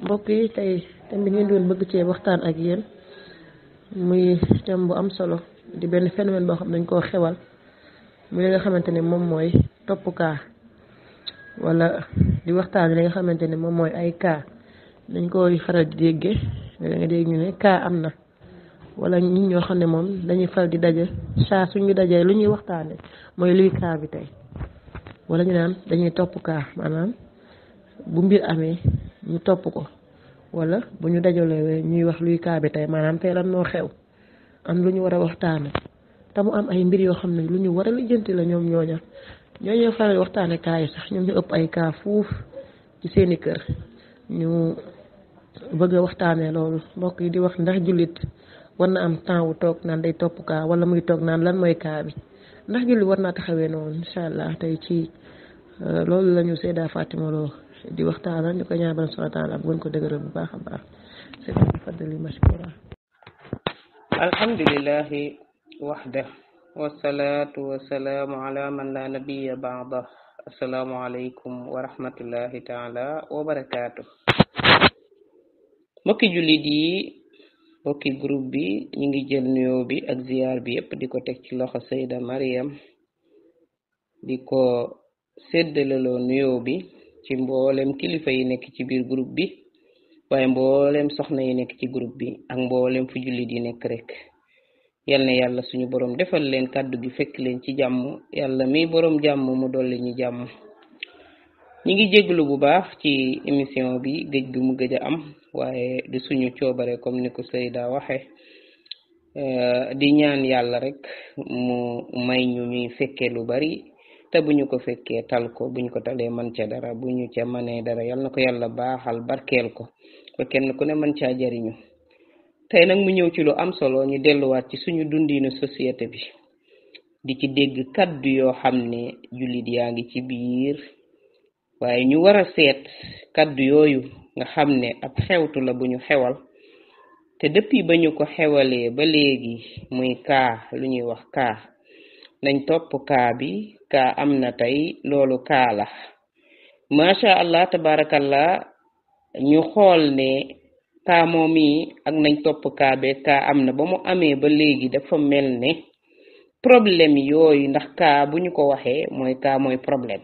mbokk yi tey thème bi cee waxtaan ak yéen muy thème bu am solo di benn phénomène boo xam dañ koo xewal muy li xamante ne moom mooy topp kaa wala di waxtaan li nga xamante ne moom mooy ay kaa dañ koy faral di déggee kaa am na walla ñun ñoo xam ne moom dañuy faral di daje saa suñu dajee lu ñuy waxtaane mooy luy kaa bi tey walla ñu naan dañuy topp kaa maanaam bu mbir amee ñu topp ko wala bu ñu dajalee ñuy wax luy kaa bi tey maanaam tey lan moo xew am lu ñu war a waxtaane te mu am ay mbir yoo xam ne lu ñu war a lijjanti la ñoom ñooña ñooñu faral waxtaane kaa yi sax ñoom ñu ëpp ay kaa fuuf ci seeni kër ñu bëgg a waxtaanee loolu mbokk yi di wax ndax jullit war na am temps wu toog naan day topp kaa wala muy toog naan lan mooy kaa bi ndax jullit war naa taxawee noonu incha allah tey ci euh, loolu lañu ñu seedaa di waxtaan ak ñu ko ñaan borom ko dëgëral bu baax a baax seen bi mashkura alhamdulillahi waxda wasalaatu wasalaamu ala man la nabiya baada assalaamu aleykum wa rahmatullahi taala wa jullit yi mbokki groupe bi ñu ngi jël nuyoo bi ak ziyaar bi yépp di ko teg ci loxo Sayda Mariam di ko séddaleloo bi ci mboolem kilifa yi nekk ci biir groupe bi waaye mboolem soxna yi nekk ci groupe bi ak mboolem fu jullit yi nekk rek yal ne yàlla suñu borom defal leen kàddu gi fekk leen ci jàmm yàlla mi borom jàmm mu dolli ñu jàmm ñi ngi jéglu bu baax ci émission bi géj bi mu gëj a am waaye di suñu coobare comme ni ko sayda waxe eh, di ñaan yàlla rek mu may ñu ñuy fekkee lu bari te bu ñu ko fekkee tal ko bu ñu ko talee man ca dara bu ñu ca manee dara yal na ko yàlla baaxal barkeel ko ba kenn ku ne man caa jariñu tey nag mu ñëw ci lu am solo ñu delluwaat ci suñu dundiinu société bi di ci dégg kàddu yoo xam ne jullit yaa ngi ci biir waaye ñu war a seet kàddu yooyu nga xam ne ab xewtu la bu ñu xewal te depuis ba ñu ko xewalee ba léegi muy kaa lu ñuy wax kaa nañ topp kaa bi kaa am na tey loolu kaa la macha allah tabarakallah ñu xool ne kaa moom yi ak nañ topp kaa be kaa am na ba mu amee ba léegi dafa mel ne problème yooyu ndax kaa bu ñu ko waxee mooy kaa problème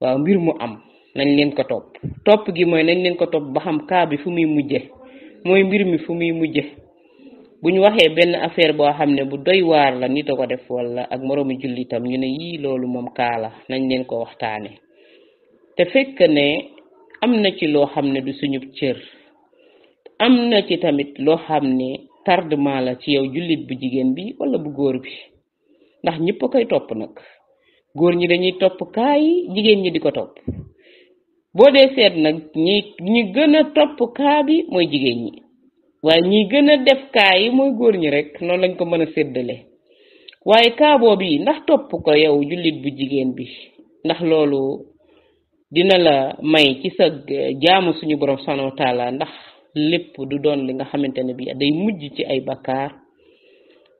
waaw mbir mu am nañ leen ko topp topp gi mooy nañ leen ko topp ba xam kaa bi fu muy mujje mooy mbir mi fu muy mujje bu ñu waxee benn affaire boo xam ne bu doy waar la nit a ko def wala ak moroomi jullitam ñu ne yii loolu moom kaala nañ leen ko waxtaane te fekk ne am na ci loo xam ne du suñu cër am na ci tamit loo xam ne tardement la ci yow jullit bu jigéen bi wala bu góor bi ndax ñëpp koy topp nag góor ñi dañuy topp kaay jigéen ñi di ko topp boo dee seet nag ñi ñi topp kaa mooy jigéen ñi waaye ñi gën a def kaa yi mooy góor ñi rek noonu lañ ko mën a séddale waaye kaa boobu yi ndax topp ko yow jullit bu jigéen bi ndax loolu dina la may ci sa eh, jaamu suñu borom subhanahu wa ndax lépp du doon li nga xamante ne bi day mujj ci ay bakkaar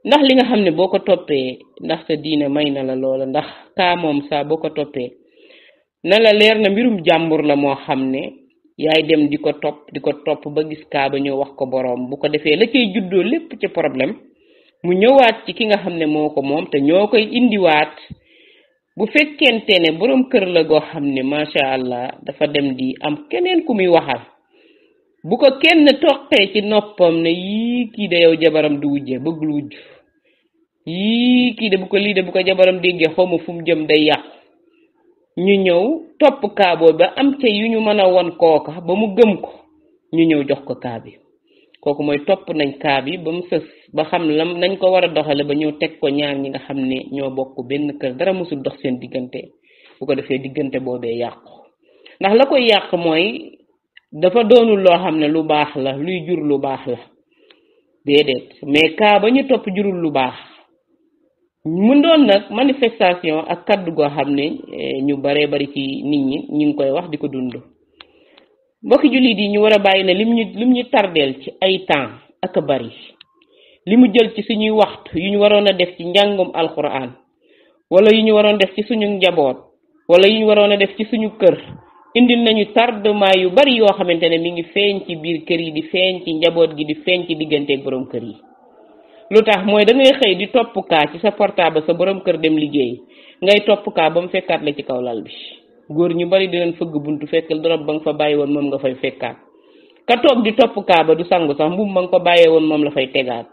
ndax li nga xam ne boo ko toppee ndax sa diine may na la loola ndax kaa moom saa boo ko toppee na la leer na mbirum jàmbur la moo xam ne yaay dem di top diko di kotop ba gis kaaba ñu wax ko borom bu ko defé la cey juddoo lepp ci problème mu ñëwaat ci ki nga xam ne mom ko moom te ñoo bu fekkente ne borom kër la go ma sha allah dafa dem di am keneen ku muy waxal bu ko kenn toqee ci noppam ne yi ki da yow jabaram du wujje lu wujju yi ki de bu ko li da bu ko jabaram déggé xomu fu mu jëm day yaq ñu ñëw topp kaaboo ba am ca yu ñu mën a won kooka ba mu gëm ko ñu ñëw jox ko kaa bi kooku mooy topp nañ kaa bi ba mu sës ba xam lam nañ ko war a doxale ba ñëw teg ko ñaar ñi nga xam ne ñoo bokk benn kër dara musul dox seen diggante bu ko defee diggante boobee yàqu ndax la koy yàq mooy dafa doonul loo xam ne lu baax la luy jur lu baax la déedéet mais kaa ñu topp jurul lu baax mu doon nag manifestation ak kaddu goo xam ne eh, ñu baree bari ci nit ñi ñu ngi koy wax di ko dund mbokki jullit yi ñu war a bàyyi ne lim ñu lim ñu tardeel ci ay temps ak a bari li mu jël ci suñuy waxtu yu ñu waroon a def ci njàngum alquran wala yu ñu waroon def ci suñu njaboot wala yu ñu waroon a def ci suñu kër indil nañu tardement yu bari yoo xamante ne mi ngi feeñ ci biir kër yi di feeñ ci njaboot gi di feeñ ci digganteeg borom kër yi. lutax moy da ngay xey di top ka ci sa portable sa borom kër dem liggéey ngay top ka bam fekkat la ci kaw lal bi góor ñu bari di len fëgg buntu fekkal dorop ba nga fa bàyyi won mom nga fay fekkat ka top di top ka ba du sangu sax mbubb ma nga ko bàyyee won mom la fay tegaat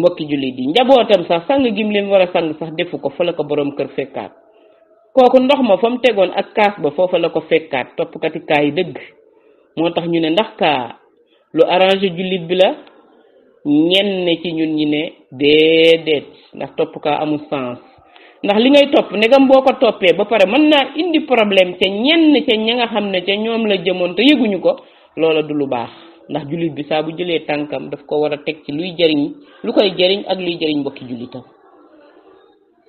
mbokki julli di njabotam sax sang gim len wara sang sax defu ko fa la ko borom kër fekkat koku ndox ma fam mu ak kaas ba fofu la ko fekkat top ndax ka lu arranger julit bi la ñenn ci ñun ñi ne déedéet ndax topp kaa amul sens ndax li ngay topp ndegam boo ko toppee ba pare mën naa indi problème ca ñenn ca ña nga xam ne ca ñoom la jëmoon te yëguñu ko loola du lu baax ndax jullit bi saa bu jëlee tànkam daf ko war a teg ci luy jariñ lu koy jariñ ak luy jariñ mbokki jullitam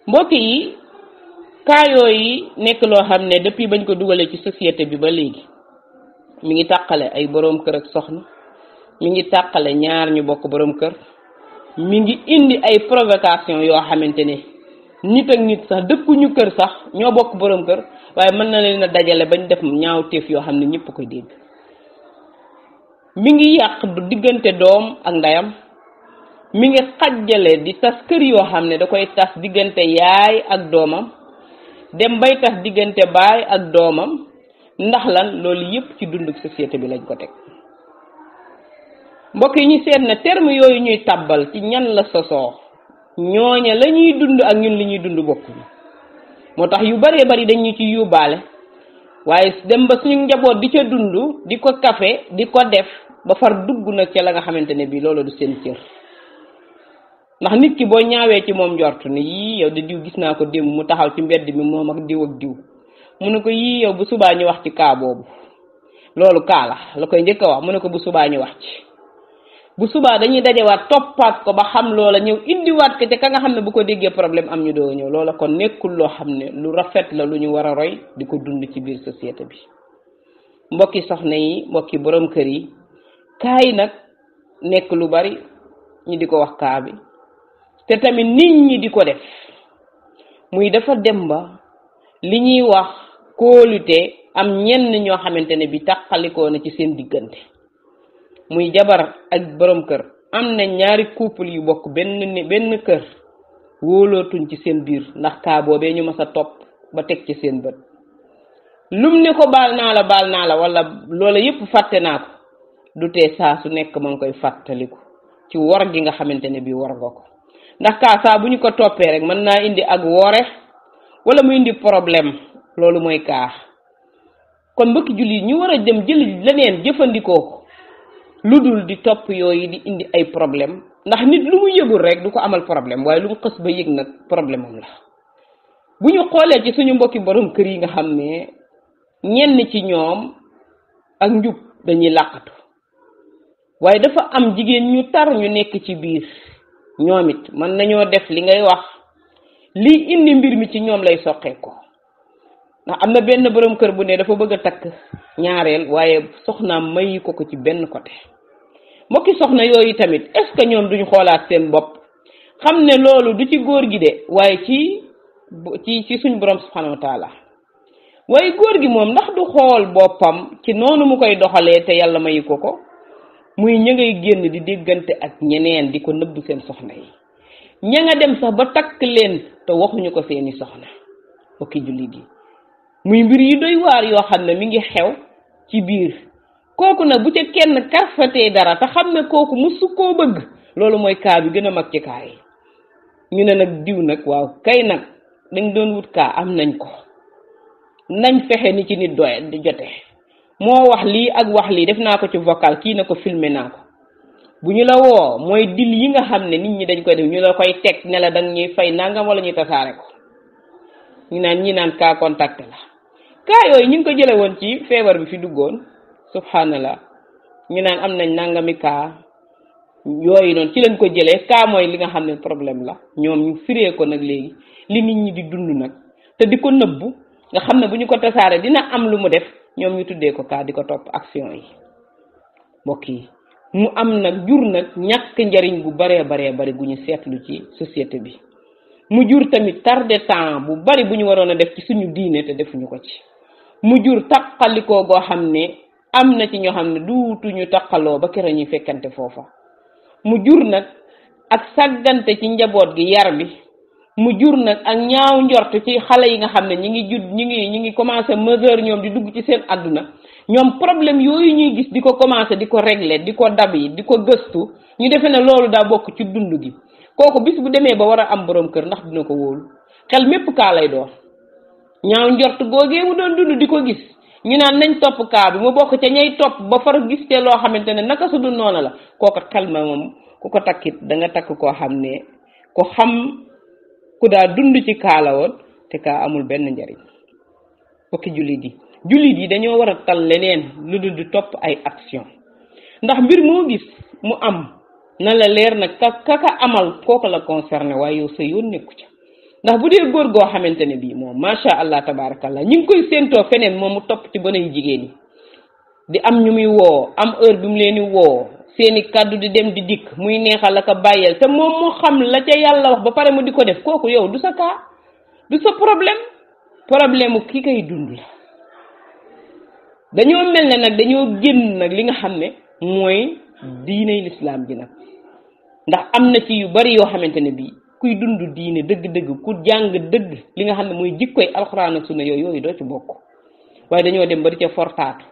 mbokki yi kaayoo yi nekk loo xam ne depuis bañ ko dugalee ci société bi ba léegi mu ngi tàqale ay boroom kër ak soxna mu ngi tàqale ñaar ñu bokk borom kër mi ngi indi ay provocation yoo xamante ne nit ak nit sax dëkkuñu kër sax ñoo bokk borom kër waaye mën na leen dajale bañ def ñaaw téef yoo xam ne ñëpp koy dégg mi ngi yàq diggante doom ak ndeyam mi ngi xajjale di tas kër yoo xam ne da koy tas diggante yaay ak doomam dem bay tas diggante baay ak doomam ndax lan loolu yépp ci dund société bi lañ ko teg mbokk yi ñu seet na terme yooyu ñuy tàbbal ci ñan la sosoo ñooña lañuy dund ak ñun li ñuy dund bokkuñu moo tax yu baree bari dañ ci yuubaale waaye dem ba suñu njaboot di ca dund di ko kafe di ko def ba far dugg nag ca la nga xamante ne bii loolu du seen cër ndax nit ki boo ñaawee ci moom njortu ni yii yow di diw gis naa ko démb mu taxaw ci mbedd mi moom ak diw ak diw mu ne ko yii yow bu subaa ñu wax ci kaa boobu loolu kaa la la koy njëkk wax mu ne ko bu subaa bu subaa dañuy dajewaat toppaat ko ba xam loola ñëw indiwaat ko ca ka nga xam ne bu ko déggee problème am ñu doo ñëw loola kon nekkul loo xam ne lu rafet la lu ñu war a roy di ko dund ci biir société bi mbokki soxna yi borom kër yi kaay nag nekk lu bari ñi di ko wax kaa bi te tamit nit ñi di ko def muy dafa dem ba li ñuy wax kóolute am ñenn ñoo xamante ne bi tàqalikoo na ci seen diggante muy jabar ak borom kër am na ñaari couple yu bokk benn ni benn kër wóolootuñ ci seen biir ndax kaa boobee ñu mas a topp ba teg ci seen bët lum ne ko baal naa la baal naa la wala loola yëpp fàtte naa ko du tee saa su nekk ma ngi koy fàttaliku ci wor gi nga xamante ne bii wor nga ko ndax kaa saa bu ñu ko toppee rek mën naa indi ak wore wala mu indi problème loolu mooy kaa kon mbokki jullit ñu war a dem jël leneen jëfandikoo ko lu dul di topp yooyu di indi ay problème ndax nit lu mu yëgul rek du ko amal problème waaye lu mu xës ba yëg nag problème am la bu ñu xoolee ci suñu mbokki boroom kër yi nga xam ne ñenn ci ñoom ak njub dañuy làqatu waaye dafa am jigéen ñu tar ñu nekk ci biir ñoom it mën nañoo def li ngay wax lii indi mbir mi ci ñoom lay soqee ko ndax am na benn boroom kër bu nee dafa bëgg a takk ñaareel waaye soxnaam mayi ko ko ci benn côté mbokki soxna yooyu tamit est-ce ñoom duñu xoolaat seen bopp xam ne loolu du ci góor gi de waaye ci ci ci suñ borom subhanahu wa taala waaye góor gi moom ndax du xool boppam ci noonu mu koy doxalee te yàlla mayi ko ko muy ña génn di diggante ak ñeneen di ko nëbb seen soxna yi ña nga dem sax ba takk leen te waxuñu ko seeni soxna mbokki jullit yi muy mbir yu doy waar yoo xam ne mu ngi xew ci biir kooku nag bu ca kenn karfatee dara te xam ne kooku musu koo bëgg loolu mooy kaa bi gën a mag ci kaa yi ñu ne nag diw nag waaw kay nag dañ doon wut kaa am nañ ko nañ fexe ni ci nit doy di jote moo wax lii ak wax lii def naa ko ci vocal kii ne ko filme naa ko bu ñu la woo mooy dil yi nga xam ne nit ñi dañ koy def ñu la koy teg ne la danga ñuy fay nangam wala ñuy tasaare ko ñu naan ñi naan kaa contacté kaa yooyu ñu ngi ko jële woon ci feebar bi fi duggoon subhanallah ñu naan am nañ nangami kaa yooyu noonu ci lañ ko jëlee kaa mooy li nga xam ne problème la ñoom ñu firee ko nag léegi li nit ñi di dund nag te di ko nëbbu nga xam ne bu ñu ko tasaare dina am lu mu def ñoom ñu tuddee ko kaa di ko topp action yi mbokk yi mu am nag jur nag ñàkk njariñ gu baree baree bari gu ñu seetlu ci société bi mu jur tamit tarde temps bu bari bu ñu waroon a def ci suñu diine te defuñu ko ci mu jur taqalikoo goo xam ne am na ci ñoo xam ne ñu taqaloo ba kera ñuy fekkante foofa mu jur nag ak sàggante ci njaboot gi yar bi mu jur nag ak ñaaw njort ci xale yi nga xam ne ñi ngi judd ñi ngi ñi ngi commencé mesure ñoom di dugg ci seen àdduna ñoom problème yooyu ñuy gis di ko commencé di ko régler di ko dab yi di ko gëstu ñu defee ne loolu daa bokk ci dund gi kooku bis bu demee ba war a am boroom kër ndax dina ko wóolu xel mépp kaa lay doon ñaaw njort goge mu doon dund di ko gis ñu naan nañ topp kaa bi mu bokk ca ñay topp ba far gis te loo xamante ne naka su dul noona la kooka kalma moom ku ko takkit da nga takk koo xam ne ko xam ku daa dund ci kaa te kaa amul benn njariñ bokki jullit yi jullit yi dañoo war a tal leneen lu dul di topp ay action ndax mbir moo gis mu am na la leer nag ka ka amal kooka la concerné waaye yow sa yoon nekku ca ndax bu dee góor goo xamante ne bii moom macha allah tabaarakallah ñu ngi koy séentoo feneen moom mu topp ci banay jigéen yi di am ñu muy woo am heure bi mu leen di woo seeni kàddu di dem di dikk muy neexal aka bàyyeel te moom moo xam la ca yàlla wax ba pare mu di ko def kooku yow du sa kaa du sa problème problème ki koy dund la dañoo mel ne nag dañoo génn nag li nga xam ne mooy diiney lislaam bi nag ndax am na ci yu bari yoo xamante ne bii kuy dund diine dëgg-dëgg ku jàng dëgg li nga xam ne mooy jikkoy alxuraan ak sunna yooyu yooyu doo ci bokk waaye dañoo dem ba di ca fortaatu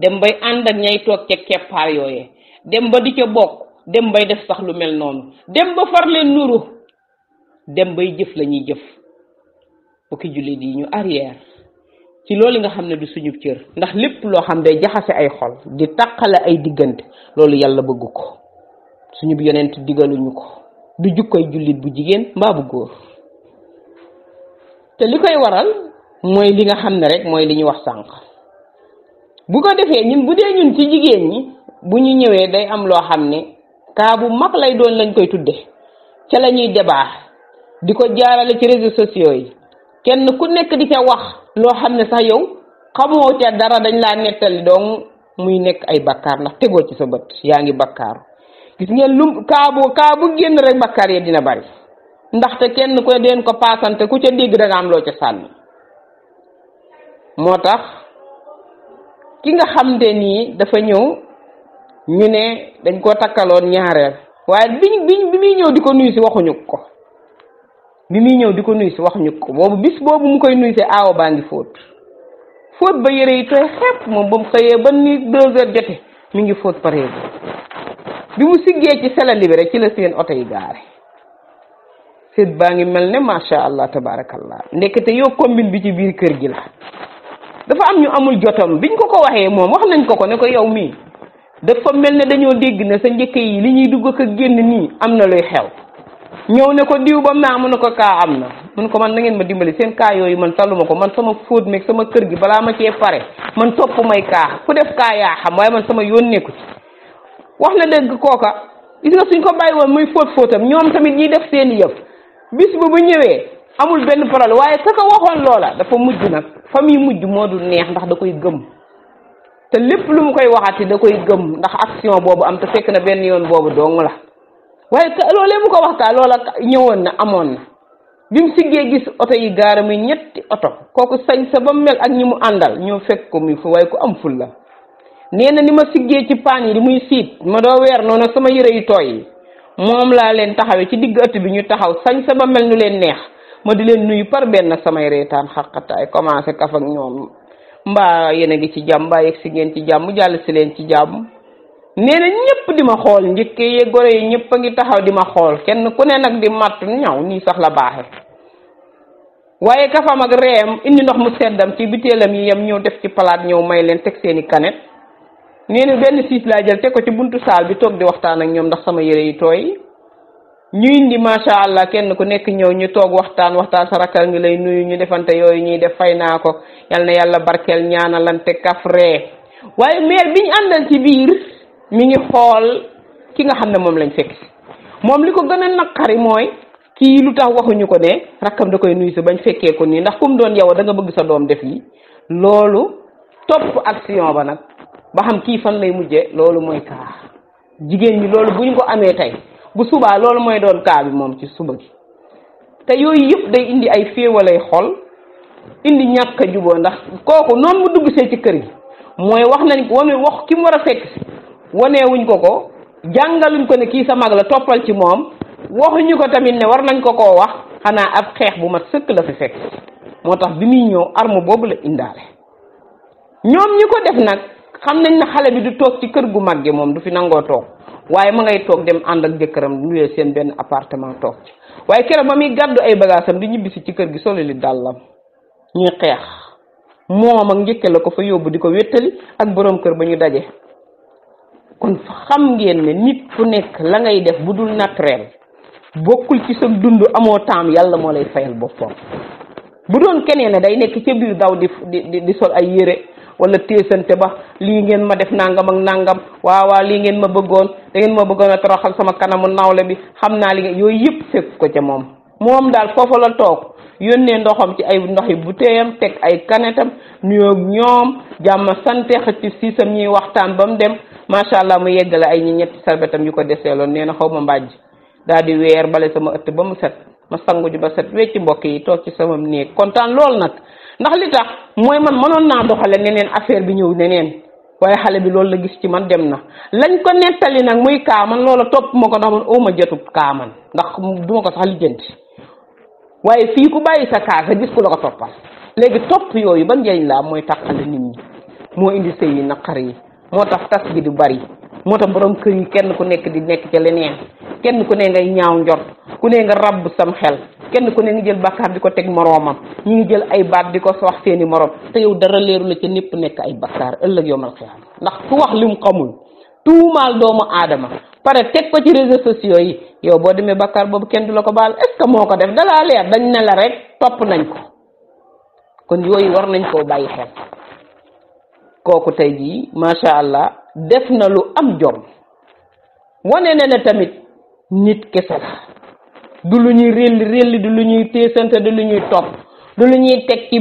dem bay ànd ak ñay toog ca keppaar yooyee dem ba di ca bokk dem bay def sax lu mel noonu dem ba far leen nuru dem bay jëf la ñuy jëf bokki julli di ñu arrière ci loolu nga xam ne du suñu cër ndax lépp loo xam day jaxase ay xol di tàqale ay diggante loolu yàlla bëgg ko suñu yonent digaluñu ko du jukkoy jullit bu jigéen mbaa bu góor te li koy waral mooy li nga xam ne rek mooy li ñu wax sànq bu ko defee ñun bu dee ñun ci jigéen ñi bu ñu ñëwee day am loo xam ne kaa bu mag lay doon lañ koy tudde ca la ñuy débat di ko jaarale ci réseaux sociaux yi kenn ku nekk di ca wax loo xam ne sax yow xamoo ca dara dañ laa nettali dong muy nekk ay bakkaar ndax tegoo ci sa bët yaa ngi bakkaaru gis ngeen lum kaabu kaabu génn rek bakkaar ya dina bari ndaxte kenn koy ne deen ko paasante ku ca dégg da am loo ca sànni moo tax ki nga xam te nii dafa ñëw ñu ne dañ koo takkaloon ñaareel waaye biñ biñ bi muy ñëw di ko nuyu si waxuñu ko bi muy ñëw di ko nuyu si waxuñu ko boobu bis boobu mu koy nuyu si aawa baa ngi fóot fóot ba yére yi tooy xepp moom ba mu xëyee ba ni deux jote mi ngi fóot pareegu bi mu siggee ci selali bi rek ci la seen oto yi gaare seet baa ngi mel ne macha allah tabaarakallah ndekete yoo combine bi ci biir kër gi la dafa am ñu amul jotam biñ ko ko waxee moom wax nañ ko ko ne ko yow mii dafa mel ne dañoo dégg ne sa njëkk yi li ñuy dugg ak génn nii am na luy xew ñow ne ko diw ba naa mu ne ko kaa am na mu ko man na ngeen ma dimbali seen kaa yooyu man taluma ko man sama fóot meeg sama kër gi balaa ma cee pare man topp may kaa ku yaa xam waaye man sama yoon nekku wax la dëgg kooka gis nga suñ ko bàyyi woon muy fóot fóotam ñoom tamit ñiy def seen yëpp bis bu bu ñëwee amul benn problème waaye ka ko waxoon loola dafa mujj nag fa muy mujj moo dul neex ndax da koy gëm te lépp lu mu koy waxati da koy gëm ndax action boobu am te fekk na benn yoon boobu dong la waaye ka loolee mu ko waxtaan loola ñëwoon na amoon na bi mu siggee gis oto yi gaara muy ñetti oto kooku sañ sa ba mu mel ak ñi mu àndal ñoo fekk ko muy fu waaye ku la neena nima sigge ci pan yi muy sit ma do wer noonu sama yere yi toy mom la len taxawé ci digg ëtt bi ñu taxaw sañ sama mel nu len neex ma di len nuyu par benn samay haqqata ay commencé kaf ak ñom mba yene gi ci jàmm mbaa yegg si ci jall ci len ci ñepp di ma ye gore yi ñepp ngi taxaw di ma kenn ku ne nak di mat ñaw ni sax la baaxe waaye kafam ak reem indi ndox mu seddam ci biteelam yi yam ñew def ci palaat ñew may len tek seeni kanet nee na benn siis laa jël te ko ci buntu saal bi toog di waxtaan ak ñoom ndax sama yére yi tooy ñu indi macha allah kenn ku nekk ñëw ñu toog waxtaan waxtaan sa rakkal ngi lay nuyu ñu defante yooyu ñuy def fay naa ko yal na yàlla barkeel ñaanalante kaf ree waaye meer bi ñu àndal ci biir mi ngi xool ki nga xam ne moom lañ fekk moom li ko gën a naqari mooy kii lu tax waxuñu ko ne rakkam da koy nuyu si bañ fekkee ko nii ndax kum doon yow da nga bëgg sa doom def yi loolu topp action ba nag. ba xam kii fan lay mujjee loolu mooy kaa jigéen bi loolu bu ñu ko amee tey bu subaa loolu mooy doon kaa bi moom ci suba gi te yooyu yëpp day indi ay féewalay xol indi ñàkk a juboo ndax kooku noonu mu dugg see ci kër gi mooy wax nañ ko wane wax ki mu war a fekk si waneewuñ ko ko jàngaluñ ko ne kii sa mag la toppal ci moom waxuñu ko tamit ne war nañ ko koo wax xanaa ab xeex bu mat sëkk la fi fekk moo tax bi muy ñëw arme boobu la indaale ñoom ñi ko def nag xamnañ na xalé bi du tok ci kër gu maggé mom du fi nango tok waye ma ngay tok dem and ak jëkëram nuyé seen ben appartement tok ci waaye ba muy ay bagaasam di ñibbi ci kër gi solo li dalam ñi xex moom ak la ko fa yobbu diko ko ak borom kër ba ñu kon xam ngeen ne nit ku nekk la ngay def budul dul naturel bokul ci sa dundu amo tam yalla mo lay fayal bopom bu doon day nekk ci biir daw di di di sol ay wala téesante ba lii ngeen ma def nangam ak nangam waawaa lii ngeen ma bëggoon da ngeen ma bëggoon a troxal sama kanamu nawle bi xam naa li yooyu yëpp fekk ko ca moom moom daal foofa la toog yónnee ndoxam ci ay ndoxi butéeyam teg ay kanetam nuyoog ñoom jàmm sante xëcc siisam ñuy waxtaan ba mu dem macha allah mu yeggale ay ñi ñetti sarbetam yu ko deseeloon nee na xaw ma mbàjj daal di weer bale sama ëtt ba mu set ma sangu ji ba set wecci mbokk yi toog ci sama néeg kontaan lool nag ndax li tax mooy man mënoon naa doxale neneen affaire bi ñëw neneen waaye xale bi loolu la gis ci man dem na lañ ko nettali nag muy kaaman loola topp ma ko ndax man óoma jotub kaaman ndax du ma ko sax lijjanti waaye fii ku bàyyi sa kaasa gis ku la ko toppal léegi topp yooyu ban njëriñ la am mooy tàqale nit ñi moo indi sëy yi naqar yi moo tax tas bi du bari moo tax borom kër yi kenn ku nekk di nekk ca leneen kenn ku ne ngay ñaaw njort ku ne nga rabb sam xel kenn ku ne nga jël bàkkaar di ko teg moroomam ñi ngi jël ay baat di ko wax seeni moroom te yow dara leeru la ca népp nekk ay bàkkaar ëllëg yowmal xiyaam ndax ku wax li mu xamul tuumaal doomu aadama pare teg ko ci réseaux sociaux yi yow boo demee bàkkaar boobu kenn du la ko baal est moo ko def dalaa leer dañ ne la rek topp nañ ko kon yooyu war nañ koo bàyyi xel def na lu am jom wane ne ne tamit nit kese la du lu ñuy réll réll du lu ñuy téesante du lu ñuy topp du lu ñuy teg ci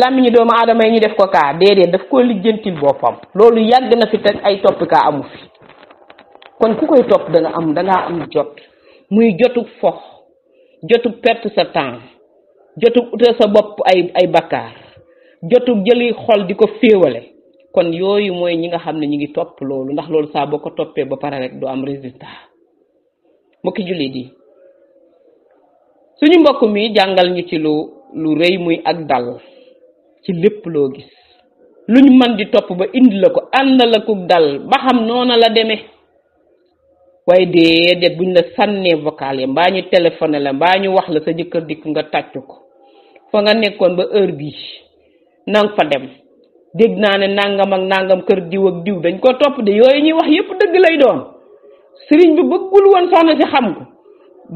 làmmiñu doomu aadama yi ñu def ko kaa déedéet daf ko lijjantil boppam loolu yàgg na fi te ay topp kaa amu fi kon ku koy topp da am da am jot muy jotu fox jotu perte sa temps jotu utal sa bopp ay ay bakkaar jotu jëli xol di ko féewale kon yooyu mooy ñi nga xam ne ñu ngi topp loolu ndax loolu saa boo ko toppee ba pare rek du am résultat mbokki jullit yi suñu mbokk mi jàngal ñu ci lu lu rëy muy ak dal ci lépp loo gis luñ mën di topp ba indi la ko ànd la ko dal ba xam noona la demee waaye déedéet buñ la sànnee vocal yi mbaa ñu téléphone la mbaa ñu wax la sa jëkkër dikk nga tàccu ko fa nga nekkoon ba heure bii nang fa dem dégg naa ne nangam ak nangam kër diw ak diw dañ koo topp de yooyu ñuy wax yépp dëgg lay doon sëriñ bi bëggul woon soxna si xam ko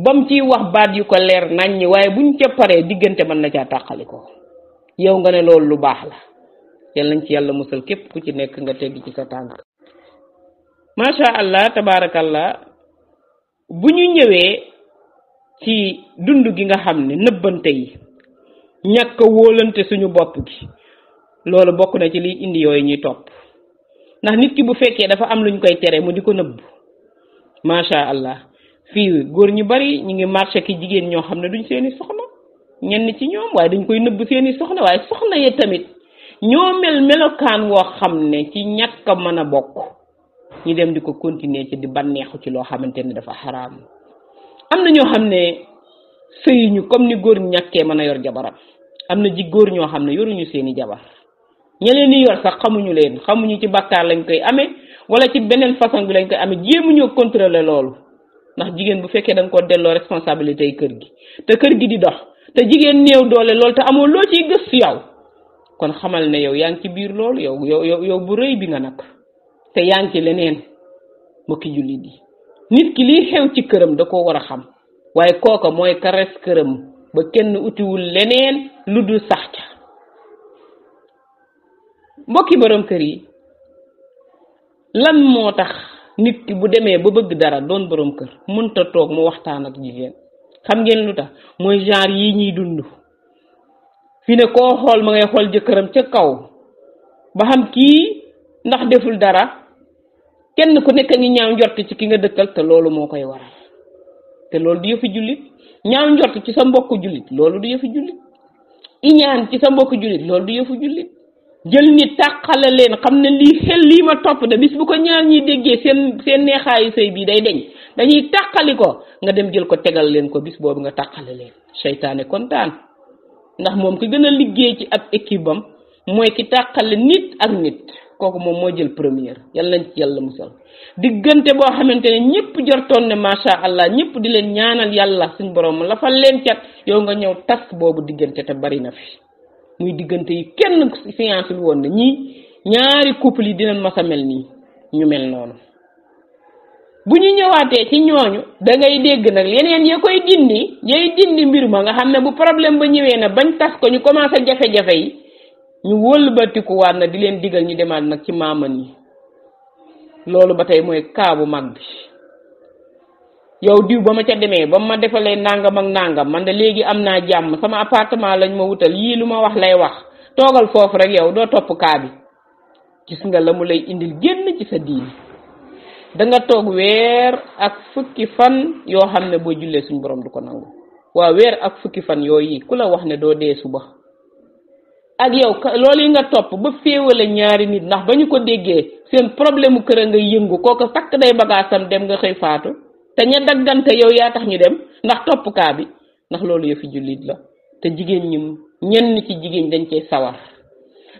bam ciy wax baat yu ko leer nañ ñi waaye buñ ca paree diggante man na caa tàqalikoo yow nga ne loolu lu baax la yal lañ ci yàlla musal képp ku ci nekk nga tegg ci sa tànk macha allah tabaarakallah bu ñu ñëwee ci dund gi nga xam ne nëbbante yi ñàkk a wóolante suñu bopp gi loolu bokk na ci liy indi yooyu ñuy topp ndax nit ki bu fekkee dafa am lu luñ koy tere mu di ko nëbb macha allah fii góor ñi bari ñu ngi marché ki jigéen ñoo xam ne duñ seeni soxna ñenn ci ñoom waaye dañ koy nëbb seeni soxna waaye soxna ya tamit ñoo mel melokaan woo xam ne ci ñàkk a mën a bokk ñu dem di ko continuer ci di banneexu ci loo xamante ni dafa xaraam am na ñoo xam ne sëyuñu comme ni góor ñàkkee mën a yor jabaram am na ji góor ñoo xam ne yoruñu seeni jabar ña leen di sax xamuñu leen xamuñu ci bàkkaar lañ koy amee wala ci beneen façon bi lañ koy amee jéemuñoo contrôler loolu ndax jigéen bu fekkee da nga ko delloo responsabilité yi kër gi te kër gi di dox te jigéen néew doole loolu te amoo loo ciy gëstu yow kon xamal ne yow yaa ngi ci biir loolu yow yow yow yow bu rëy bi nga nag te yaa ngi ci leneen mbokki jullit yi nit ki liy xew ci këram da koo war a xam waaye kooka mooy kares këram ba kenn utiwul leneen lu dul sax mbokki borom kër yi lan moo tax nit ki bu demee ba bëgg dara doon borom kër mënta toog mu waxtaan ak jigéen xam ngeen lu tax mooy genre yi ñuy dund fi ne koo xool ma ngay xool jëkkëram ca kaw ba xam kii ndax deful dara kenn ku nekk ngi ñaaw njort ci ki nga dëkkal te loolu moo koy waral te loolu du yëfi jullit ñaaw njort ci sa mbokku jullit loolu du yëfi jullit loolu du yëfu jullit jël nit tàqala leen xam ne lii xel lii ma topp de bis bu ko ñaar ñuy déggee seen seen neexaayu sëy bii day deñ dañuy tàqali ko nga dem jël ko tegal leen ko bis boobu nga tàqale leen seytaane kontaan ndax moom ki gën a liggéey ci ak équipe mooy ki tàqale nit ak nit kooku moom moo jël première yàlla nañ ci yàlla musal diggante boo xamante ne ñëpp jortoon ne macha allah ñëpp di leen ñaanal yàlla suñ borom la fa leen cat yow nga ñëw tas boobu diggante te bari na fi muy diggante yi kenn science bi woon na ñi ñaari couple yi dinañ mas a mel nii ñu mel noonu bu ñu ñëwaatee ci ñooñu da ngay dégg nag yeneen ya koy dindi yay dindi mbir ma nga xam ne bu problème ba ñëwee na bañ tas ko ñu commencé jafe-jafe yi ñu wëlbatikuwaat na di leen digal ñu demaat nag ci maaman yi loolu ba tey mooy kaabu mag bi yow diw ba ma ca demee ba ma nangam ak nangam man de amna jam sama appartement lañ ma wutal yi luma wax lay wax togal fofu rek yow do top ka bi gis nga lamu lay indil génn ci sa diin da nga tok weer ak fukki fan yo xam bo boo jullee borom du ko nangu wa weer ak fukki fan yo yi kula wax ne do suba ak yow loolu nga top ba féewale ñaari nit ndax bañu ko déggee seen problème kër nga yëngu koko tak day bagasam dem nga xey faatu te ña daggante yow yaa tax ñu dem ndax topp kaa bi ndax loolu yëfi jullit la te jigéen ñi ñenn ci jigéen dañ cee sawar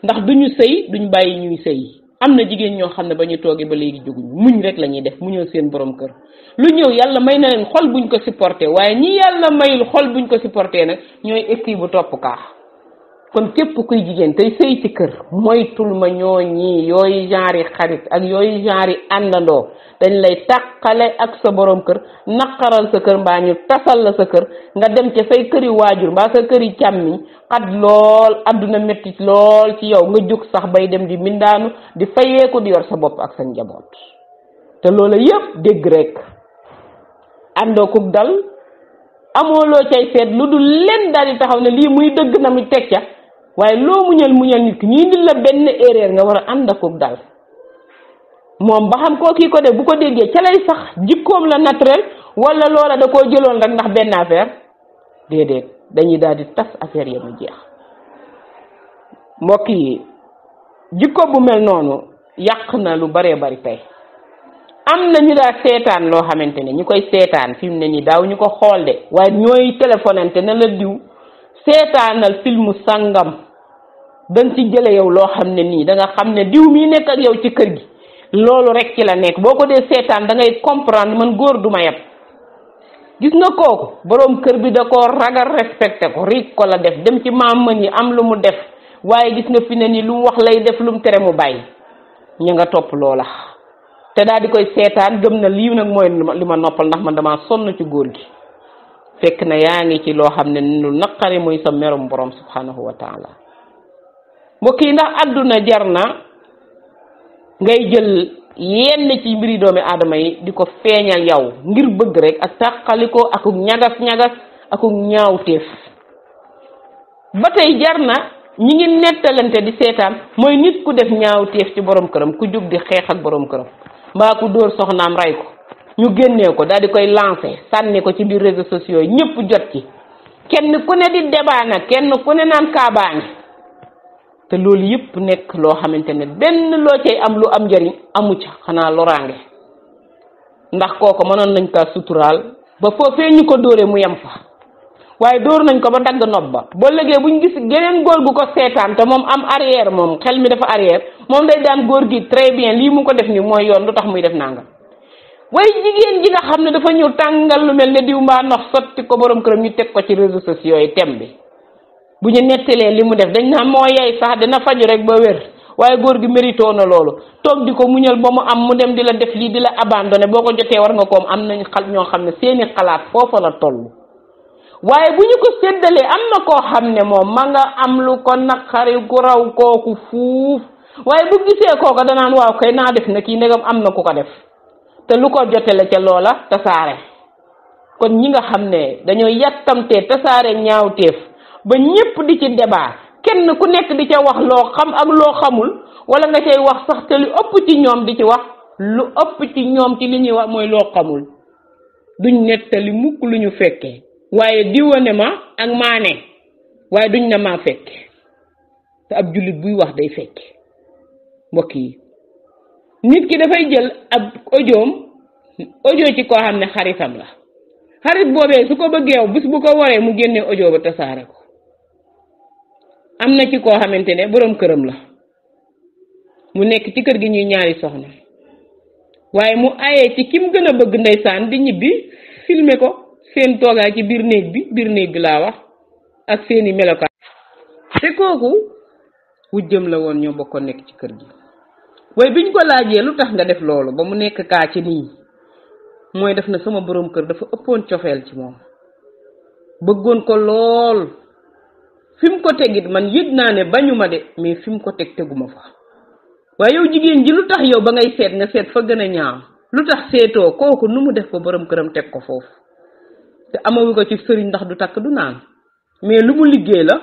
ndax duñu sëy duñ bàyyi ñuy sëy am na jigéen ñoo xam ne ba ñu toogee ba léegi jóguñ muñ rek la ñuy def mu ñëw seen borom kër lu ñëw yàlla may na leen xol buñ ko supporté waaye ñi yàlla mayul xol buñ ko supporté nag ñooy équipe bu topp kaa kon képp kuy jigéen tey sëy ci kër moytul ma ñoo ñii yooyu genre xarit ak yooyu genre àndandoo dañ lay takkale ak sa boroom kër naqaral sa kër mbaa ñu tasal la sa kër nga dem ca say këri waajur mbaa sa këri càmmiñ xat lool àdduna métti lool ci yow nga jóg sax bay dem di mindaanu di ko di yor sa bopp ak sa njaboot te loola yépp dégg rek àndoo kuk dal amoo loo cay seet lu dul leen daal di taxaw ne lii muy dëgg na mu teg ca waaye loo muñal muñal nit ki ñu la benn erreur nga war a ànd ak koog dal moom ba xam koo kii ko def bu ko déggee ca lay sax jikkoom la naturel wala loola da koo jëloon rek ndax benn affaire déedéet dañuy daal di tas affaire ya mu jeex mbokk yi jikko bu mel noonu yàq na lu baree bari tey am na ñu daa seetaan loo xamante ne ñu koy seetaan fi mu ne nii daaw ñu ko xool de waaye ñooy téléphonante na la diw seetaanal filmu sàngam danga ci jële yow loo xam ne nii da xam ne diw mii nekk ak yow ci kër gi loolu rek ci la nekk boo ko dee seetaan da ngay comprendre man góor du ma yab gis nga kooku boroom kër bi da koo ragal respecté ko rik ko la def dem ci maam yi am lu mu def waaye gis nga fi ne nii lu mu wax lay def lu mu tere mu bàyyi ñu nga topp loola te daal di koy seetaan gëm na lii nag mooy li ma noppal ndax man damaa sonn ci góor gi fekk na yaa ngi ci loo xam ne lu naqari muy sa merum borom subhanahu wa taala mbokk yi ndax àdduna jar na ngay jël yenn ci mbiri doomi aadama yi di ko feeñal yow ngir bëgg rek ak tàqalikoo akuk ñagas-ñagas akuk ñaawteef ba tey jar na ñi ngi nettalante di seetaan mooy nit ku def ñaawteef ci borom këram ku jub di xeex ak borom këram mbaa ku dóor soxnaam rey ko ñu génnee ko daal di koy lancé sànni ko ci biir réseaux sociaux yi ñëpp jot ci kenn ku ne di débat kenn ku ne naan kaabaa te loolu yëpp nekk loo xamante ne benn loo cay am lu am njariñ amu ca xanaa loraange ndax kooko mënoon nañ kaa suturaal ba foofee ñu ko dóoree mu yem fa waaye dóor nañ ko ba dagg nopp ba boo légee buñ gis geneen góor gu ko seetaan te moom am arrière moom xel mi dafa arrière moom lay daan góor gi très bien lii mu ko def nii mooy yoon lu tax muy def nanga way jigéen ji nga xam ne dafa ñëw tàngal lu mel ne diw mbaa ndox sotti ko boroom këram ñu teg ko ci réseaux sociaux yi tem bi bu ñu nettalee li mu def dañ naan moo yey sax dina faju rek ba wér waaye góor gi méritoo na loolu toog di ko muñal ba mu am mu dem di la def lii di la abandonné boo ko jotee war nga koom am nañ xal ñoo xam ne seeni xalaat foofa la toll waaye bu ko séddalee am na koo xam ne moom ma nga am lu ko naqari ku raw kooku fuuf waaye bu gisee kooka danaan waaw kay naa def na kii ndegam am na ku ko def te lu ko jote la ca loola tasaare kon ñi nga xam ne dañoo yàttamtee tasaare ñaawteef ba ñépp di ci débat kenn ku nekk di ca wax loo xam ak loo xamul wala nga cay wax sax te ëpp ci ñoom di ci wax lu ëpp ci ñoom ci li ñuy wax mooy loo xamul duñ nettali mukk lu ñu fekkee waaye diwane ma ak maane waaye duñ na maa fekke te ab jullit buy wax day fekke mbokk yi nit ki dafay jël ab ojoom ojo ci koo xam ne xaritam la xarit boobee su ko bëggee bis bu ko waree mu génnee ojo ba tasaare ko am na ci koo xamante ne boroom këram la mu nekk ci kër gi ñuy ñaari soxna waaye mu ayee ci ki mu gën a bëgg ndeysaan di ñibbi filme ko seen toogaay ci biir néeg bi biir néeg bi laa wax ak seeni melokaan te kooku wujjëm la woon ñoo bokkoon nekk ci kër gi waaye biñ ko laajee lu tax nga def loolu ba mu nekk kaa ci nii mooy def na sama boroom kër dafa ëppoon cofeel ci moom bëggoon ko lool fi mu ko tegit man yëg naa ne bañu ma de mais fi mu ko teg teguma fa waaye yow jigéen ji lu tax yow ba ngay seet nga seet fa gën a ñaaw lu tax seetoo kooku nu mu def ko boroom këram teg ko foofu te amawu ko ci sëriñ ndax du takk du naan mais lu mu liggéey la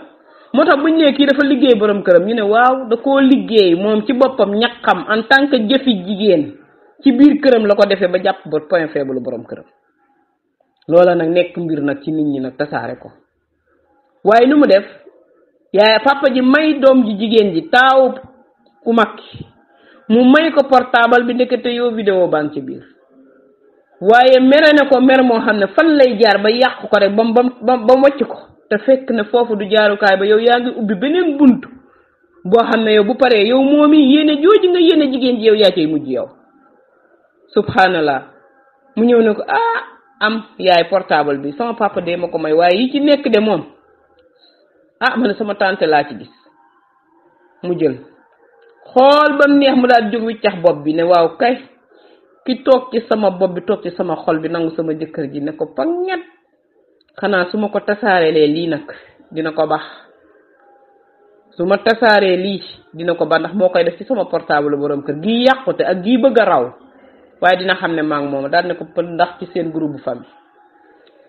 moo tax buñ nee kii dafa liggéey boroom këram ñu ne waaw da koo liggéey moom ci boppam ñaqam en tant que jëfi jigéen ci biir këram la ko defee ba jàpp ba point faible boroom këram loola nag nekk mbir nag ci nit ñi nag tasaare ko yaay papa ji may doom ji jigéen ji taaw ku mag mu may ko portaabal bi ndekete yoo vidéo baa ci biir waaye mere na ko mer moo xam ne fan lay jaar ba yàq ko rek ba mu ba mu wàcc ko te fekk na foofu du jaarukaay ba yow yaa ngi ubbi beneen bunt boo xam ne yow bu paree yow moom yi yéene jooju nga yéene jigéen ji yow yaa cay mujj yow subhanallah mu ñëw ne ko ah am yaay portable bi sama papa dee ma ko may waaye yi ci nekk de moom ah man sama tante la ci gis mu jël xol ba neex mu daal wiccax bob bi ne waaw kay ki tok ci sama bob bi tok ci sama xol bi nangu sama jëkkër gi ne ko panget xana suma ko tassare le li nak dina ko bax suma tassare li dina ko ba ndax mo koy def ci sama portable borom kër gi yàqute ak gi bëgg raw waaye dina xam ne maa daal ne ko ndax ci seen groupe famille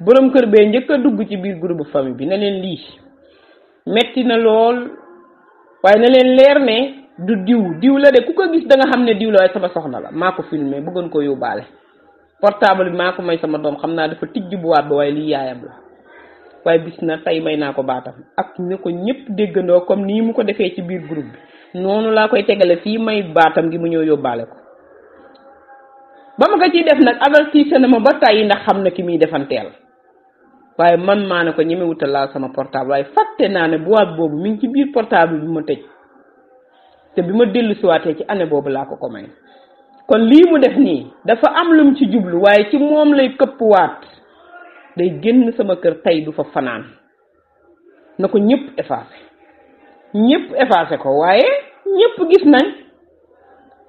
borom kër be njëkk guru dugg ci biir groupe famille bi ne leen lii metti na lool waaye na leen leer ne du diw diw la de ku ko gis da xam ne diw la waaye sama soxna la maa ko filmé bëggoon ko yóbbaale portable bi maa ko may sama doom xam naa dafa tijj bu waat ba waaye lii yaayam la waaye bis na tey may naa ko baatam ak ne ko ñëpp déggandoo comme nii mu ko defee ci biir groupe bi noonu laa koy tegale fii may baatam ngi mu ñëw yóbbaale ko ba ma ko ciy def nag avertise na ma ba tàyyi ndax xam na ki muy defanteel waaye man maa ne ko ñeme wutal laal sama portable waaye fàtte naa ne boîte boobu mi ngi ci biir portable bi ma tëj te bi ma dellu siwaatee ci année boobu laa ko ko may kon lii mu def nii dafa am lum ci jublu waaye ci moom lay këppwaat day génn sama kër tey du fa fanaan na ko ñëpp effacé ñëpp effacé ko waaye ñëpp gis nañ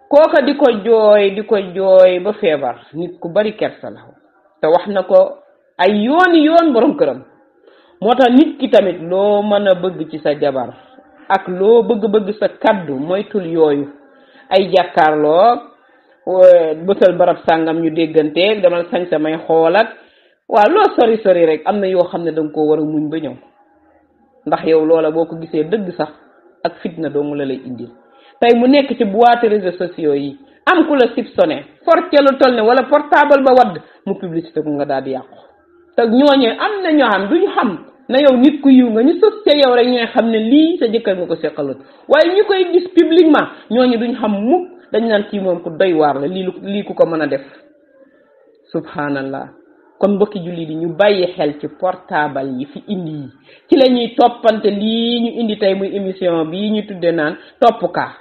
kooka di ko jooy di ko jooy ba feebar nit ku bari kersa la te wax na ko ay yoon yoon borom këram moo tax nit ki tamit loo mën a bëgg ci sa jabar ak loo bëgg-bëgg sa kaddu moytul yooyu ay jàkkaarloog eh, bësal barab sàngam ñu dégganteeg damal sañ may xool ak waaw loo sori sori rek am na yoo xam ne da nga koo war a muñ ba ñëw ndax yow loola boo ko gisee dëgg sax ak fitna dong la lay indil tey mu nekk ci boîte réseau sociaux yi am ku la sib sone toll ne wala portable ba wadd mu publicité ko nga daal di yàqu te ñooñee am na ñoo xam duñu xam na yow nit ku yiw nga ñu sës ca yow rek ñooy xam ne lii sa jëkkër nga ko seqaloon waaye ñu koy gis publiquement ñooñu duñ xam mukk dañ naan kii moom ku doy waar la lii lii ku ko mën a def subhanallah kon mbokki julli di ñu bàyyi xel ci portaabal yi fi indi yi ci la ñuy toppante lii ñu indi tey muy émission bii ñu tuddee naan topp kaa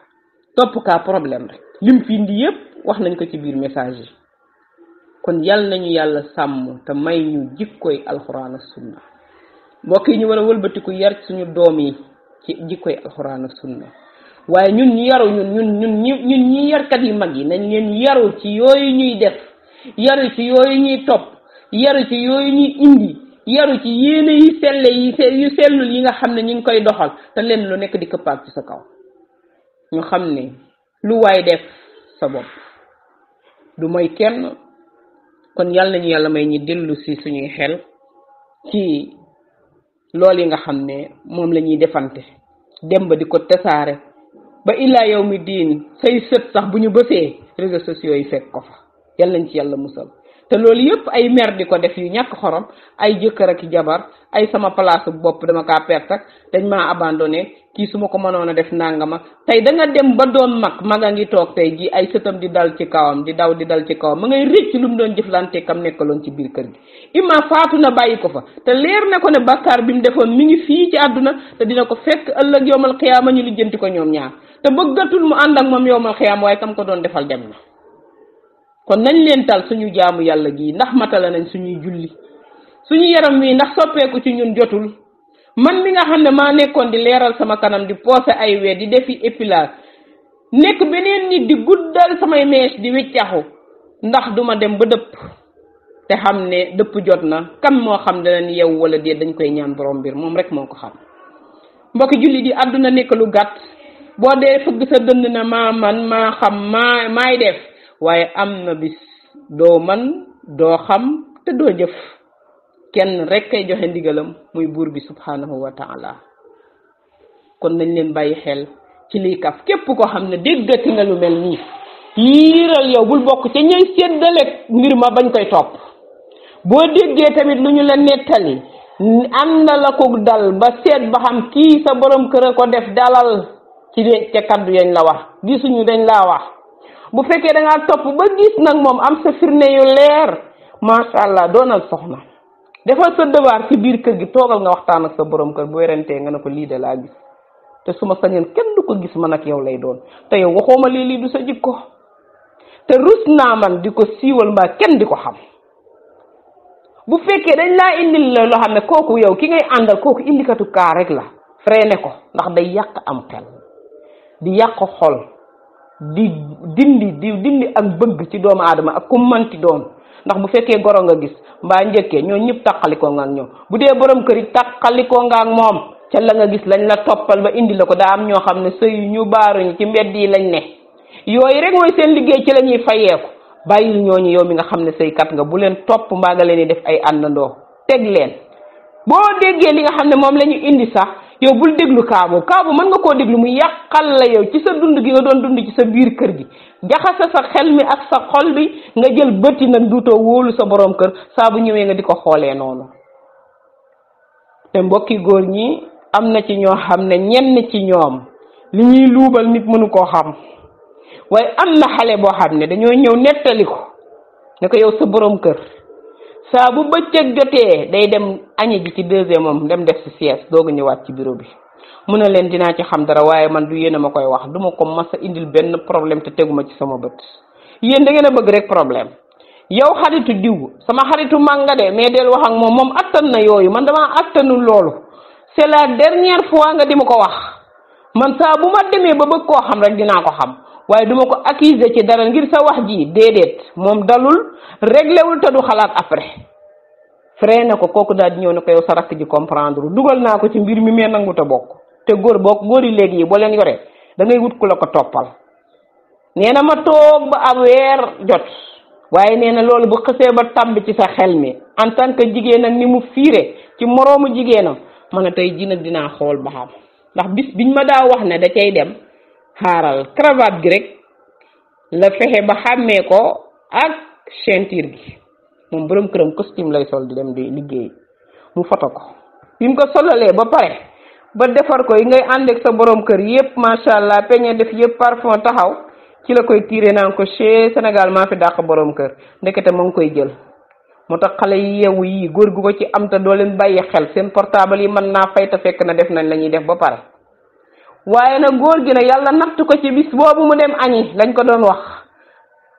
topp kaa problème rek lim fi indi yépp wax nañ ko ci biir message yi kon yal nañu yàlla sàmm te may ñu jikkoy alquran ak sunna mbokk yi ñu war a wëlbatiku yar suñu doom yi ci jikkoy alquran ak sunna waaye ñun ñu yaru ñun ñun ñun ñun ñi yarkat yu mag yi nañ leen yaru ci yooyu ñuy def yaru ci yooyu ñuy topp yaru ci yooyu ñuy indi yaru ci yéene yi selle yi yu sellul yi nga xam ne ñu ngi koy doxal te leen lu nekk di këppaag ci sa kaw ñu xam lu waay def sa bopp du kenn kon yàlla nañu yàlla may ñi dellu si suñuy xel ci lool yi nga xam ne moom la ñuy defante dem ba di ko tasaare ba illaa yow mi diin say sët sax bu ñu bësee réseaux sociaux yi fekk ko fa yàlla nañ ci yàlla musal te loolu yépp ay mer di ko def yu ñàkk xorom ay jëkkër ak jabar ay sama place bopp dama kaa perte ak dañ maa abandonné kii su ko mënoon a def nangama tey da nga dem ba doon mag nga ngi toog tey ji ay sëtam di dal ci kawam di daw di dal ci kawam ma ngay rëcc lu mu doon jëflante kam nekkaloon ci biir kër gi imma faatu na bàyyi ko fa te leer na ko ne bàkkaar bi mu defoon mi ngi fii ci àdduna te dina ko fekk ëllëg yowmal xiyaama ñu lijjanti ko ñoom ñaar te bëggatul mu ànd ak moom yowmal xiyaama waaye tam ko doon defal kon nañ leen tal suñu jaamu yàlla gi ndax matala nañ suñuy julli suñu yaram wi ndax soppeeku ci ñun jotul man mi nga xam ne maa nekkoon di leeral sama kanam di poose ay wee di defi épilage nekk beneen nit di guddal samay mees di wiccaxu ndax duma dem ba dëpp te xam ne dëpp jot na kan moo xam danañ yew wala dee dañ koy ñaan borom mbir moom rek moo ko xam mbokki julli di àdduna nekk lu gàtt boo dee fëgg sa dënd na maa man maa xam maa maay def waaye am na bis doo man doo xam te doo jëf kenn rek kay joxe ndigalam muy buur bi subhanahu wa taala kon nañ leen bàyyi xel ci liy kaf képp ko xam ne déggati nga lu mel nii yiiral yow bul bokk ca ñëy séddale mbir ma bañ koy topp boo déggee tamit lu la nettali am na la ko dal ba seet ba xam kii sa borom kër ko def dalal ci de ca kaddu yañ la wax gisuñu dañ laa wax bu fekkee da ngaa topp ba gis nag moom am sa firnde yu leer macha allah doonal soxna defal sa devoir ci biir kër gi toogal nga waxtaan ak sa borom kër bu werantee nga ne ko lii de laa gis te suma ma kenn du ko gis man ak yow lay doon te yow waxoo ma lii lii du sa jikko te rus naa man di ko siiwal mbaa kenn di ko xam bu fekkee dañ laa indil la loo xam ne kooku yow ki ngay àndal kooku indikatu kaa rek la ne ko ndax day yàq am xel di yàq xol. di dindi di dindi ak bëgg ci doomu aadama ak ku manti doon ndax bu fekkee goro nga gis mbaa njëkkee ñoo ñëpp tàqalikoo nga ak ñoom bu dee borom kër yi tàqalikoo nga ak moom ca la nga gis lañ la toppal ba indi la ko daa am ñoo xam ne sëyu ñu baaruñu ci mbedd yi lañ ne yooyu rek mooy seen liggéey ci la ñuy fayeeku bàyyil ñooñu yow mi nga xam ne sëykat nga bu leen topp mbaa leen di def ay àndandoo teg leen boo déggee li nga xam ne moom la yow bul déglu kaabu kaabu mën nga koo déglu mu yàqal la yow ci sa dund gi nga doon dund ci sa biir kër gi jaxase sa xel mi ak sa xol bi nga jël bëtti nag duutoo wóolu sa boroom kër saa bu ñëwee nga di ko xoolee noonu te mbokki góor ñi am na ci ñoo xam ne ñenn ci ñoom li ñuy luubal nit mënu koo xam waaye am na xale boo xam ne dañoo ñëw nettali ko ne ko yow sa boroom kër saa bu bëccëg jotee day dem añi bi ci deuxième moom dem def si sieste dooga ñëwaat ci bureau bi mu ne leen dinaa ci xam dara waaye man du yéen a ma koy wax duma ko mas indil benn problème te teguma ci sama bët yéen da ngeen a bëgg rek problème yow xaritu diw sama xaritu mànga de mais del wax ak moom moom attan na yooyu man dama attanu loolu c'est la dernière fois nga di ma ko wax man saa bu ma demee ba bëgg koo xam rek dinaa ko xam waaye duma ko accuser ci dara ngir sa wax ji déedéet moom dalul réglewul te du xalaat après na ko kooku daal di ñëw na ko yow sa rakk ji comprendre dugal naa ko ci mbir mi mais nangu te bokk te góor bokk góori léegi yi boo leen yoree da ngay wut ku la ko toppal nee na ma toog ba ab weer jot waaye nee na loolu bu xësee ba tàmb ci sa xel mi en tant que jigéen ak ni mu fiire ci moroomu jigéenam ma ne tey jii nag dinaa xool ba ndax bis biñ ma daa wax ne da cay dem xaaral cravate gi rek la fexe ba xàmmee ko ak ceinture gi moom boroom këram costume lay sol di dem di liggéey mu foto ko bi mu ko solalee ba pare ba defar ko yi ngay ànd ak sa boroom kër yépp macha allah peñe def yépp parfum taxaw ci la koy tiire naan ko chez Sénégal maa fi dàq boroom kër ndekete moo ngi koy jël moo tax xale yi yeewu yi góor gu ko ci am te doo leen bàyyi xel seen portable yi mën naa fay te fekk na def nañ la ñuy def ba pare waaye nag góor gi ne yàlla natt ko ci bis boobu mu dem añi lañ ko doon wax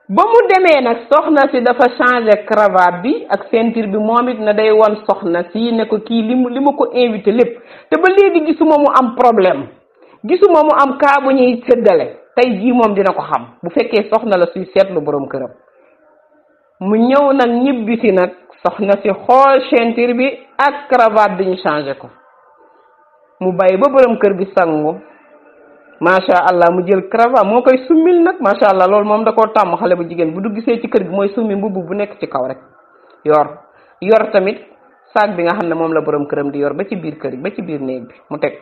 ba mu demee nag soxna si dafa changé cravate bi ak ceinture bi moom it na day won soxna si ne ko kii li mu li ma ko invité lépp te ba léegi gisuma mu am problème gisuma mu am kaabu ñuy séddale tey jii moom dina ko xam bu fekkee soxna la suy seetlu boroom këram mu ñëw nag ñibbisi nag soxna si xool ceinture bi ak cravate bi ñu changé ko mu bàyyi ba boroom kër bi sangu macha allah mu jël cravate moo koy summil nag macha allah loolu moom da koo tàmm xale bu jigéen bu duggisee ci kër gi mooy summi mbubb bu nekk ci kaw rek yor yor tamit saag bi nga xam ne moom la boroom këram di yor ba ci biir kër gi ba ci biir néeg bi mu teg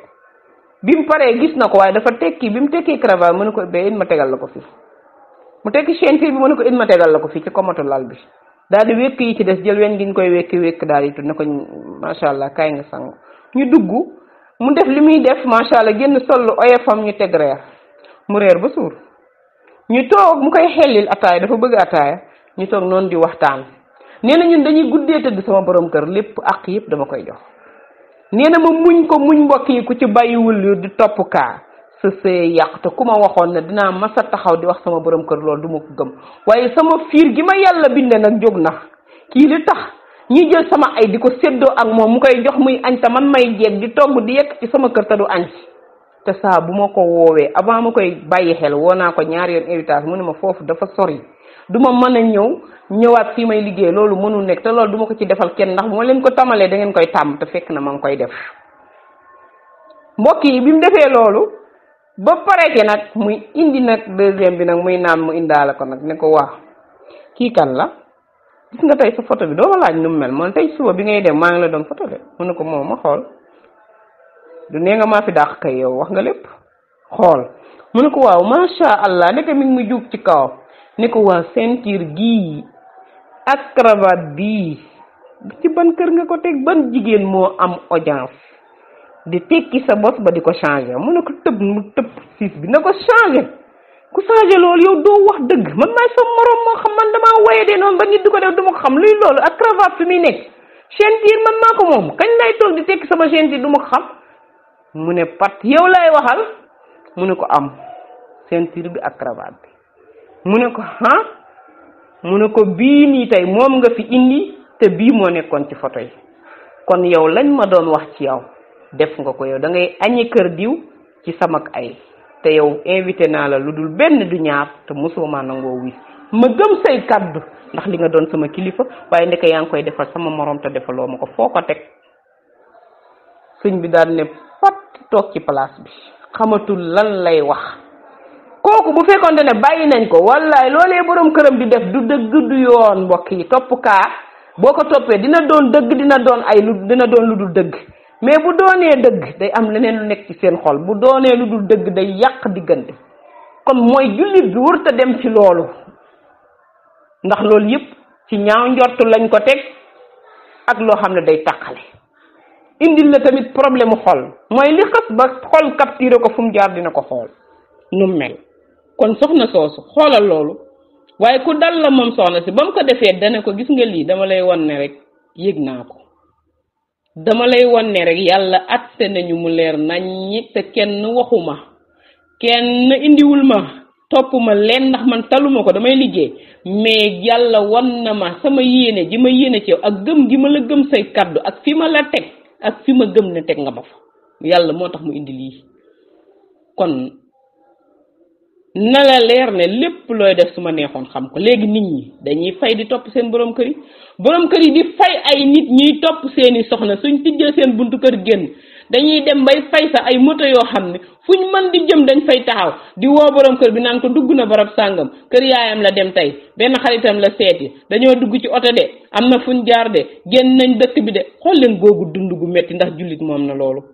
bi mu paree gis na ko waaye dafa tekki bi mu tekkee cravate mu ne ko bee it ma la ko fii mu tekki chaîne fii bi mu ne ko it ma tegal la ko fii ci komatu lal bi daal di wékk yi ci des jël wen gi ñu koy wékki wékk daal di tudd ne ko macha allah kaay nga sangu ñu mu def li muy def macha allah génn sol lu oyofam ñu teg reer mu reer ba suur ñu toog mu koy xellil ataaya dafa bëgg ataaya ñu toog noonu di waxtaan nee na ñun dañuy guddee tëdd sama borom kër lépp àq yëpp dama koy jox nee na ma muñ ko muñ mbokk yi ku ci bàyyiwul yu di topp kaa sa see yàq te ku ma waxoon ne dinaa masa taxaw di wax sama borom kër loolu du ma ko gëm waaye sama fiir gi ma yàlla binde nag jóg na kii li tax ñi jël sama ay di ko séddoo ak moom mu koy jox muy añ te man may jeeg di togg di yekk ci sama kër te du añ ci te saa bu ma ko woowee avant ma koy bàyyi xel woo naa ko ñaari yoon héritage mu ne ma foofu dafa sori du ma mën a ñëw ñëwaat fii may liggéey loolu mënul nekk te loolu duma ko ci defal kenn ndax bu ma leen ko tamalee dangeen koy tàmm te fekk na ma ngi koy def mbokk yi bi mu defee loolu ba pareke nag muy indi nag deuxième bi nag muy naan mu indaale ko nag ne ko waa kii la. gis nga tay sa photo bi do ma laaj num don mel man tay suba bi ngay dem ma ngi la doon photo de mu ko mo ma xol du ne nga ma fi dakh kay yow wax nga lepp xol mu ko waaw sha allah ko mi ngi mu juug ci kaw ne ko wa ceinture gi ak cravate bi ci ban keur nga ko tek ban jigen mo am audience di tekki sa bos ba di ko changer mu ne ko teub mu teub bi na ko changer ku changé lol yow do wax deug man may sa morom mo xam man waye de non ba nit du def duma xam luy lol ak cravate fi muy nekk man mako mom kagn lay tok di tek sama ceinture duma xam Mune pat yow lay waxal mune ko am ceinture bi ak cravate bi mune ko ha mune ko bini tay. tay mom nga fi indi te bi mo nekkon ci photo yi kon yow lañ ma doon wax ci yow def nga ko yow da ngay agni kër diw ci samak ay te yow invité naa la lu dul benn du ñaar te mosoo maa nangoo wis ma gëm say kàddu ndax li nga doon sama kilifa waaye ndeke yaa ngi koy defal sama morom te defaloo ma ko foo ko teg suñ bi daal ne toog ci place bi xamatul lan lay wax kooku bu fekkonte ne bàyyi nañ ko wallaay loolee borom këram di def du dëgg du yoon mbokk yi topp kaa boo ko toppee dina doon dëgg dina doon ay lu dina doon lu dul dëgg mais bu doonee dëgg day am leneen lu nekk ci seen xol bu doonee lu dul dëgg day yàq diggante kon mooy jullit bi wërta dem ci loolu ndax loolu yépp ci ñaaw njort lañ ko teg ak loo xam ne day taqale indi la tamit problème xol mooy li xas ba xol capturé ko fu mu jaar dina ko xool nu mel kon soxna soosu xoolal loolu waaye ku dal la moom soxna si ba mu ko defee dana ko gis nga lii dama lay won ne rek yéeg naa ko dama lay wan ne rek yàlla atte nañu mu leer naññi te kenn waxu ma kenn indiwul ma topp ma leen ndax man taluma ko damay liggéey mais yàlla wan na ma sama yéene ji ma yéene ci ak gëm gi ma la gëm say kàddu ak fi ma la teg ak fi ma gëm ne teg nga ma fa yàlla moo tax mu indi lii kon na la leer ne lépp looy def su ma neexoon xam ko léegi nit ñi dañuy fay di topp seen borom kër yi borom kër yi di fay ay nit ñuy topp seeni soxna suñ tijjee seen buntu kër génn dañuy dem bay fay sax ay moto yoo xam ne fuñ mën di jëm dañ fay taxaw di woo borom kër bi naan ko dugg na barab sàngam kër yaayam la dem tey benn xaritam la seeti dañoo dugg ci oto de am na fu ñu jaar de génn nañ dëkk bi de xool leen googu dund gu metti ndax jullit moom na loolu.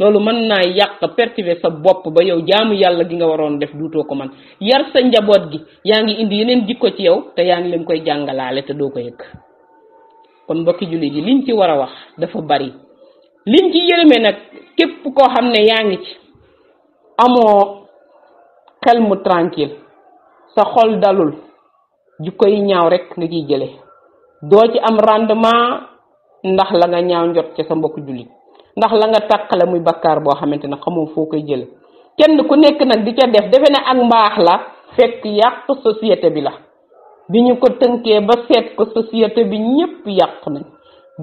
loolu mën naa yàq pertiver sa bopp ba yow jaamu yàlla gi nga waroon def duutoo ko man yar sa njaboot gi yaa ngi indi yeneen jikko ci yow te yaa ngi leen koy jàngalaale te doo ko yëg kon mbokki jullit yi liñ ci war a wax dafa bari liñ ci yërëme nag képp koo xam ne yaa ngi ci amoo xel mu tranquille sa xol dalul jikko koy ñaaw rek nga ciy jële doo ci am rendement ndax la nga ñaaw njot ca sa mbokk jullit ndax la nga takk muy bakkaar boo xamante ne xamoo foo koy jële kenn ku nekk nag di ca def defe ne ak mbaax la fekk yàq société bi la bi ñu ko tënkee ba seet ko société bi ñépp yàq nañ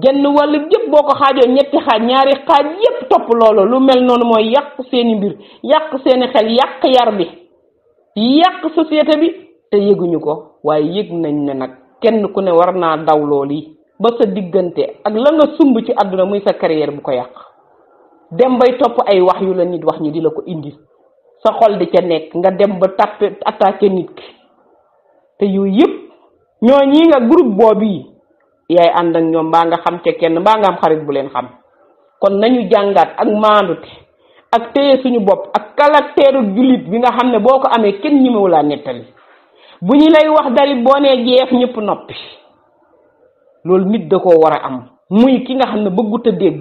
genn wàll yépp boo ko xaajoo ñetti xaaj ñaari xaaj yépp topp loolu lu mel noonu mooy yàq seeni mbir yàq seeni xel yàq yar bi yàq société bi te yëguñu ko waaye yëg nañ ne nag kenn ku ne war naa daw loolu yi ba sa diggante ak la nga sumb ci àdduna muy sa carrière bu ko yàq dem bay topp ay wax yu la nit wax ñi di la ko indi sa xol di ca nekk nga dem ba tàppe attaqué nit ki te yooyu yëpp ñoo ñi nga groupe boobu yi yaay ànd ak ñoom mbaa nga xam ca kenn mbaa nga am xarit bu leen xam kon nañu jàngaat ak maandute ak téye suñu bopp ak caractère jullit bi nga xam ne boo ko amee kenn ñi mawulaa nettali bu ñu lay wax dalit boo nee jeex ñëpp noppi loolu nit da koo war a am muy ki nga xam ne bëggut a dégg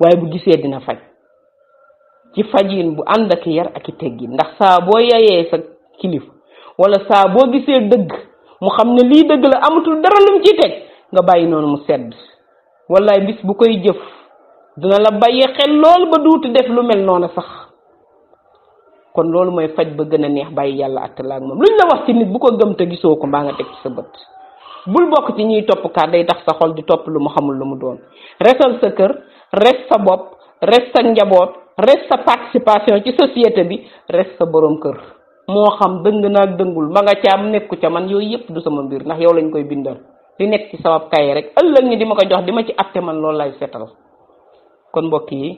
waaye bu gisee dina faj ci fajin bu ànd ak yar ak i ndax saa boo yayee sa kilifa wala saa boo gisee dëgg mu xam ne lii dëgg la amatul dara lum ci teg nga bàyyi noonu mu sedd wallaay bis bu koy jëf dina la bàyyi xel lool ba duuti def lu mel noonu sax kon loolu mooy faj ba gën a neex bàyyi yàlla àttalaak moom luñ la wax ci nit bu ko gëm te gisoo ko mbaa nga teg ci sa bët bul bok ci ñuy top ka day tax sa xol di top lu mu xamul lu mu doon resal sa kër res sa bop res sa njabot res sa participation ci société bi res sa borom kër mo xam dëng naag dëngul ma nga am nekku ca man yoy yep du sama mbir ndax yow lañ koy bindal di nekk ci sawab kay rek ëllëg ni dima ko jox dima ci atté man lool lay setal kon mbokk yi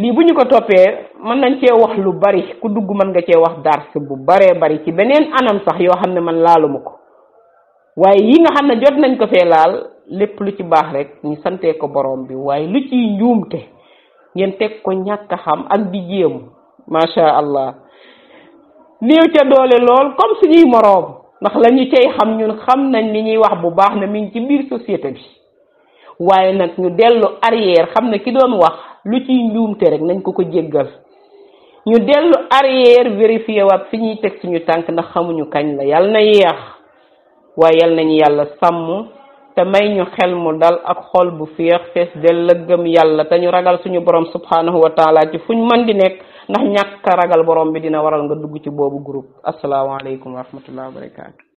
li buñu ko topé man nañ ci wax lu bari ku dugg man nga ci wax bu bari ci benen anam sax yo xamne man waaye yi nga xam ne jot nañ ko fee laal lépp lu ci baax rek ñu santee ko boroom bi waaye lu ciy njuumte ngeen teg ko ñàkk xam ak di jéemu macha allah néew ca doole lool comme ñuy moroom ndax lañu ñu cay xam ñun xam nañ ni ñuy wax bu baax ne mi ngi ci biir société bi waaye nag ñu dellu arrière xam na ki doon wax lu ciy njuumte rek nañ ko ko jéggal ñu dellu arrière vérifié waat fi ñuy teg suñu tànk ndax xamuñu kañ la yàlla na yeex waaye yal nañu yàlla sàmm te may ñu xel mu dal ak xol bu féex fees del la gëm yàlla te ñu ragal suñu borom subhanahu wa taala ci fuñ mën di nekk ndax ñàkk ragal borom bi dina waral nga dugg ci boobu group asalaamaaleykum wa rahmatullah wa